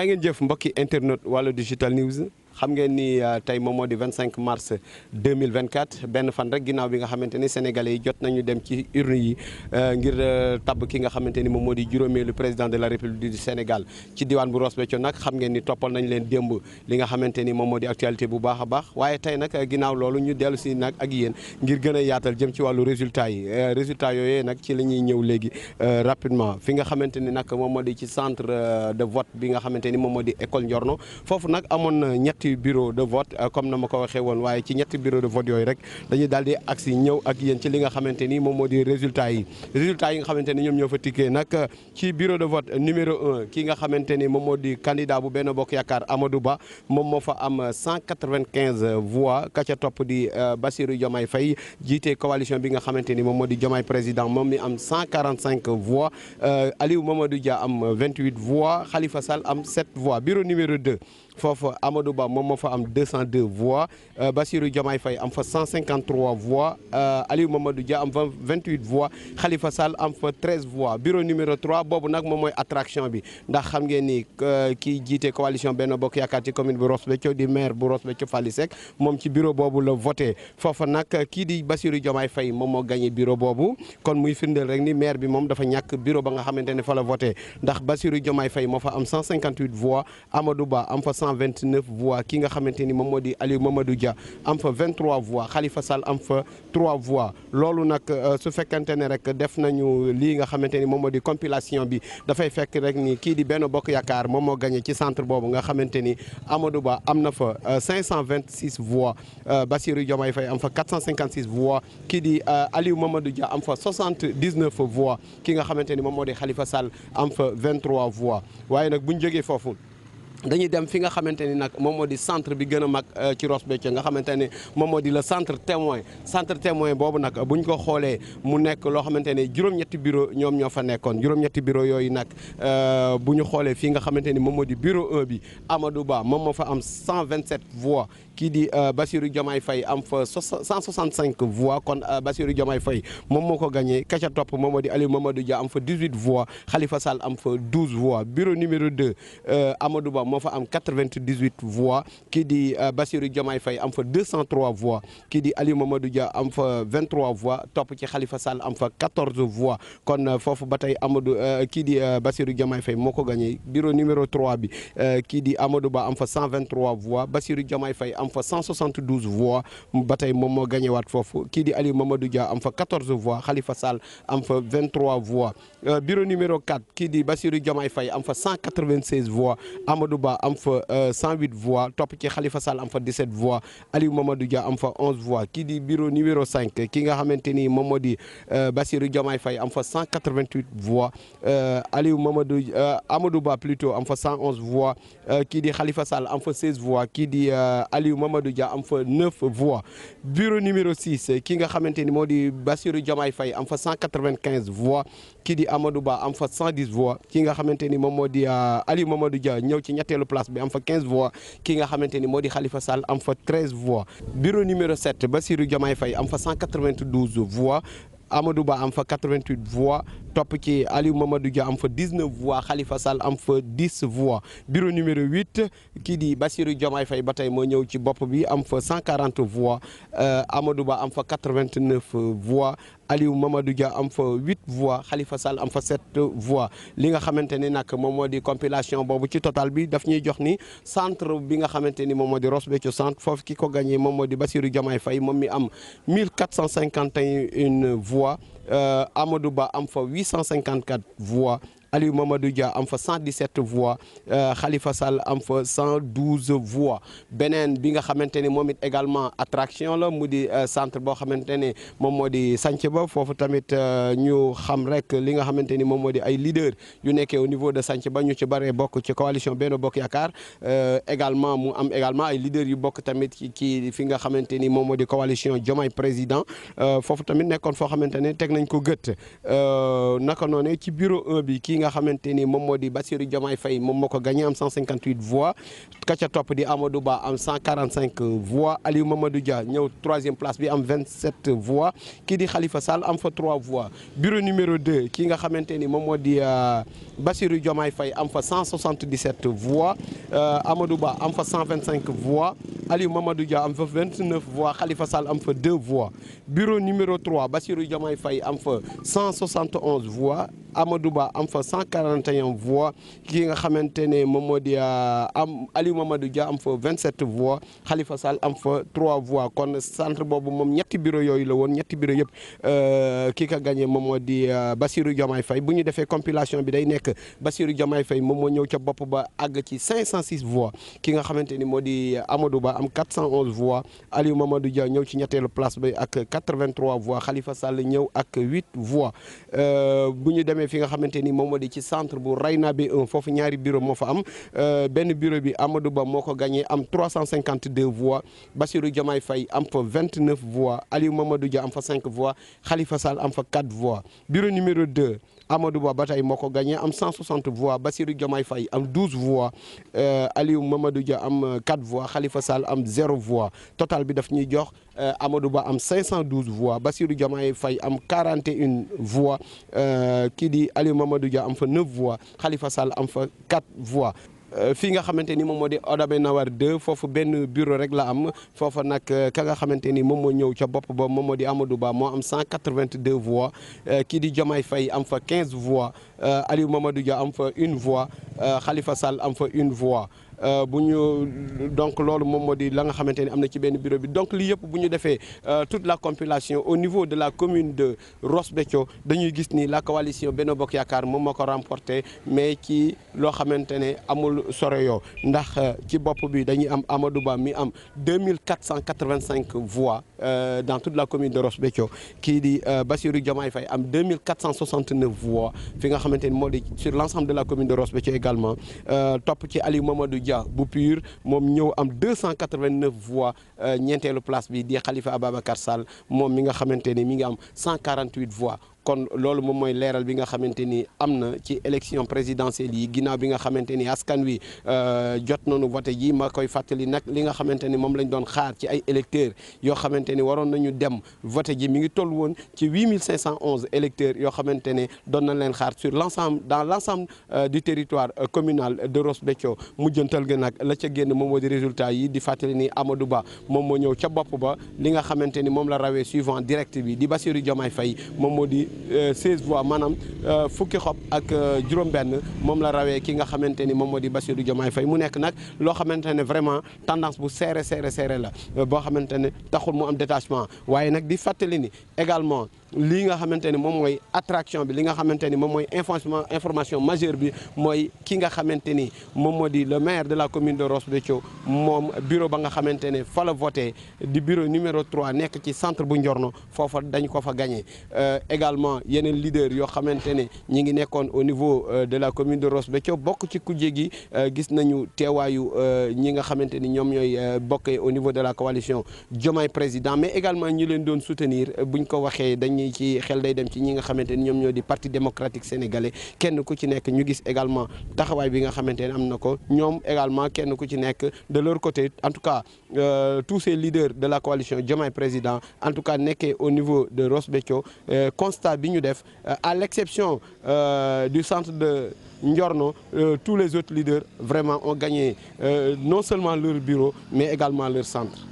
yaa ngeen jëf mbokki internet Walo Digital News xam ngeen ni euh, tey moom moo 25 mars 2024 Ben fan rek ginnaaw bi nga xamante sénégalais yi jot nañu dem ci urne yi euh, ngir euh, tabb ki nga xamante ni moom moo di président de la république du Sénégal ci diwaan bu Ross Béthio nag xam ngeen ni toppal nañ leen démb li nga xamante ni moom moo di actualité bu baax a baax waaye tey nag ginnaaw ñu dellu si nag ak yéen ngir gën a yaatal jëm ci wàllu résultat yi résultat yooyee nag ci la ñuy ñëw léegi rapidement fi nga xamante ni nag moom ci centre de vote bi nga xamante ni moom école Njorno Fofu nag amon na bureau de vote euh, comme na ma ko waxee woon waaye ci ñetti bureau de vote yooyu rek dañuy daal di agsi ñëw ak yéen ci li nga xamante ni moom moo résultat yi résultat yi nga xamante ni ñoom ñoo n'ak euh, ci bureau de vote numéro 1 ki nga xamante ni moom candidat bu ben bokk yakar Amadou Ba moom moo fa am 195 euh, voix ka ca topp di basirou diomay Faye jiite coalition bi nga xamanteni mom modi diomay président mom mi am 145 voix Aliou Mamadou Dia am 28 voix Khalifa Sall am 7 voix bureau numéro 2 Fofo Amadou Ba moom fa am 202 voix euh, Bassirou Diomaye Fay am fa 153 voix euh, Aliou Mamadou Dia am 28 voix Khalifa Sall am fa 13 voix bureau numéro 3 bobu nak moom attraction bi ndax xam ngeen ni euh, ki jiite coalition Benno Bokk Yaakaar ci commune bu Ross Béthio di maire bu Ross Béthio Fally ci bureau bobu le voter foofa nak ki di Bassirou Diomaye Fay moom gagné bureau bobu kon muy findel rek ni maire bi mom dafa ñak bureau ba nga xamante ne fa la voter ndax Bassirou Diomaye Fay moo fa am 158 voix Amadou Ba am fa 429 voix ki nga xamante ni moom di Aliou Mamadou Dia am fa 23 voix Khalifa Sall am fa 3 voix loolu nag euh, su fekkente ne rek def nañu lii nga xamante ni moom moo di compilation bi dafay fekk rek kii di benn bokk yaakaar moom moo gagné ci centre boobu nga xamante ni Amadou Ba am na fa 526 euh, voix euh, Bassirou Diomaye Faye am fa 456 voix kii di Aliou Mamadou Dia am fa 79 voix ki nga xamante ni moom moo di Khalifa Sall am fa 23 voix waaye nag bu ñu jógee foofu. dañuy dem fi nga xamante ni nag moom moo di centre bi gën a mag euh, ci Ross Béthio nga xamante ne moom moo di la centre témoin centre témoin boobu nag bu ko xoolee mu nekk loo xamante ne juróom-ñetti bureau ñoom ñoo fa nekkoon juróom-ñetti bureau yooyu nag euh, bu ñu xoolee fii nga xamante ni moom moo di bureau e bi Amadou Ba moom moo fa am 127 voix kii di euh, Bassirou Diomaye fay am fa 165 voix kon Bassirou Diomaye fay moom moo ko gagné ka topp moom moo di Aliou Mamadou Dia am fa 18 voix Khalifa Sall am fa 12 voix bureau numéro 2 Amadou Ba. moi am 98 voix qui dit euh, Bassirou Diomaye Fay am 203 voix qui dit Ali Mamadou Dia am 23 voix top ci Khalifa Sall am 14 voix kon euh, fofu batay qui euh, dit Bassirou Diomaye Fay moko gagné bureau numéro 3 qui dit Amadou Ba am 123 voix Bassirou Diomaye Fay am 172 voix batay mom mo gagné wat qui dit Ali Mamadou Dia am 14 voix Khalifa Sall am 23 voix bureau numéro 4 qui dit Bassirou Diomaye Fay am 196 voix Amadou Ba am fa 108 euh, voix top ci Khalifa Sall am fa 17 voix Aliou Mamadou Dia am fa 11 voix Qui di bureau numéro 5 ki nga xamanteni Mamadi moom moo di euh, Bassirou am fa 188 voix euh, Aliou Mamadou Amadou Ba plutôt am fa 111 voix Qui di Khalifa Sall am fa 16 voix qui di Aliou Mamadou Dia am fa 9 voix bureau numéro 6 ki nga xamanteni modi moo di Bassirou am fa 195 voix Qui dit Amadouba, en fait 110 voix ki nga xamante Ali Aliou Mamadou Dia le place bi am 15 voix qui nga pas maintenu Khalifa Sall am 13 voix bureau numéro 7 Bassirou Diomaye en am 192 voix Amadou Ba am 88 voix Top qui Aliou Mamadou Dia am 19 voix Khalifa Sall en fait 10 voix bureau numéro 8 qui dit Bassirou Diomaye Faye ou tey moo am 140 voix euh, Amadou Ba am 89 voix Aliou Mamadou Dia am fa huit voix Khalifa Sall am fait sept voix li nga compilation bobu ci total bi daf centre bi nga xamanteni centre fofu gagné mom modi Bassirou am euh, Amadou Ba voix Ali Mamadou Dia am fa 117 voix euh, Khalifa Sall am fa 112 voix benen bi nga xamante momit également attraction la mu di euh, centre bo xamante mom modi moo ba fofu tamit euh, ñu xam rek li nga xamante mom modi ay leader yu nekké au niveau de sànc ba ñu ci bare bok ci coalition bok yakar euh, également mu am également ay leader yu bok tamit ki fi nga xamante mom modi coalition jomay président fofu tamit nekkon fo xamante ne teg nañ ko gët naka noné ci bureau 1 bi nga xamante gagné 158 voix ka di Amadou 145 voix Aliou Mamadou Dia 3 troisième place bi am 27 voix Ki di Khalifa Sall am 3 voix bureau numéro 2 ki nga xamanteni mom modi euh, Faye am 177 voix euh, Amadou Ba am 125 voix Aliou Mamadou Dia am 29 voix Khalifa Sall am 2 voix bureau numéro 3 Bassirou Diomaye Faye am 171 voix Amadouba en am fa 141 voix ki nga xamantene ne euh, am Aliou Mamadou Dia am fa 27 voix Khalifa Sall am fa 3 voix kon centre bobu mom ñetti bureau yoy la won ñetti bureau euh, a gagné Momo dia euh, Bassirou Diomaye Faye buñu défé compilation bi day nekk Bassirou Diomaye Faye mom mo ba ag ci 506 voix ki nga xamantene modi Amadouba en am 411 voix Aliou Mamadou Dia ñëw ci le place bay ak 83 voix Khalifa Sall ñëw ak 8 voix euh buñu demee fi nga xamante mom modi ci centre bu b 1 fofu ñaari bureau moo fa am euh, benn bureau bi Amadou Ba moko gagner am 352 voix Bassirou Diomaye Faye am fa 29 voix Aliou Mamadou Dia am fa 5 voix Khalifa Sall am fa 4 voix bureau numéro 2 Amadouba Bataille Moko gagne am 160 voix Bassirou Diomaye Faye 12 voix euh, Aliou Mamadou Dia 4 euh, voix Khalifa Sall am 0 voix total bi daf ñuy jox euh, am 512 voix Bassirou Diomaye Faye am 41 voix qui dit Aliou Mamadou Dia 9 voix Khalifa Sall am 4 voix. Euh, fi nga xamanteni mom modi moo di Nawar 2 fofu ben bureau rek la am fofu nak euh, ka nga xamanteni mom mo ñew ci bop bo mom modi Amadou Ba mo am 182 voix euh, ki di jomay fay am fa 15 voix Aliou Mamadou Dia am fa une voix Khalifa Sall am fa une voix euh, bu donc loolu mom modi la nga xamante amna ci benn bureau bi donc li yëpp buñu défé euh, toute la compilation au niveau de la commune de Ross dañuy gis ni la coalition Benno Bokk yakar mom moko ko remporté mais ki lo xamante amul soreyo ndax euh, ci bop bi dañuy am Amadou Ba mi am 2485 voix dans toute la commune de Ross qui dit di Bassirou Diomaye Fay am 2469 voix fi nga xamante modi sur l'ensemble de la commune de Ross Béthio également top ci Ali Mamadou Boupure, bu PUR am 289 voix euh, le place bi di Khalifa Ababakar Sall mom mi nga minga mi 148 voix kon lolou mom moy leral bi nga xamanteni amna ci élection présidentielle yi ginaaw bi nga xamanteni askan wi euh, jot nañu voté ji ma koy fàttali nag li nga xamanteni mom lañ doon xaar ci ay électeurs yo xamanteni waron nañu dem voter ji mi ngi toll won ci 8511 électeurs yo xamanteni ne doon nañ leen xaar sur l'ensemble dans l'ensemble ensemble euh, du territoire euh, communal de Ross mu jëntal ga nak la ca génn mom moo résultat yi di fatali ni Amadou Ba mom mo ñew ca bop ba li nga xamanteni mom la rawee suivant direct bi di Bassirou Diomaye Faye mom modi 16 euh, voix maanaam euh, fukki xop ak euh, juróom-benn moom la rawee ki nga xamante mom modi moo di Bassirou Diomaye Faye mu nek nak lo xamante vraiment tendance bu serré serré serré la bo xamante taxul mu am détachement waye nak di fàttali ni également lii nga xamante ni moom attraction bi li nga xamante ni moom information information majeure bi mooy ki nga xamante ni moom le maire de la commune de Rosbecho, Béthio bureau ba nga xamante ne fa la voté di bureau numéro 3 nekk ci centre bu Njorno foofa dañ ko fa gagné euh, également yeneen leader yoo xamante ne ñi ngi nekkoon au niveau euh, de la commune de Rosbecho, Béthio bokk ci kujje euh, gis nañu teewaayu ñi nga xamante ni ñoom ñooy au niveau de la coalition Diomaye président mais également ñi leen doon soutenir buñ ko waxee dañ qui xel day dem ci parti démocratique sénégalais kenn ku ci nekk ñu gis également taxaway bi nga xamante ne am également kenn ku ci nekk de leur côté en tout cas euh, tous ces leaders de la coalition Diomaye président en tout cas nekkee au niveau de Ross euh, constat bi ñu def euh, à l'exception euh, du centre de Ndiorno tous les autres leaders vraiment ont gagné non seulement leur bureau mais également leur centre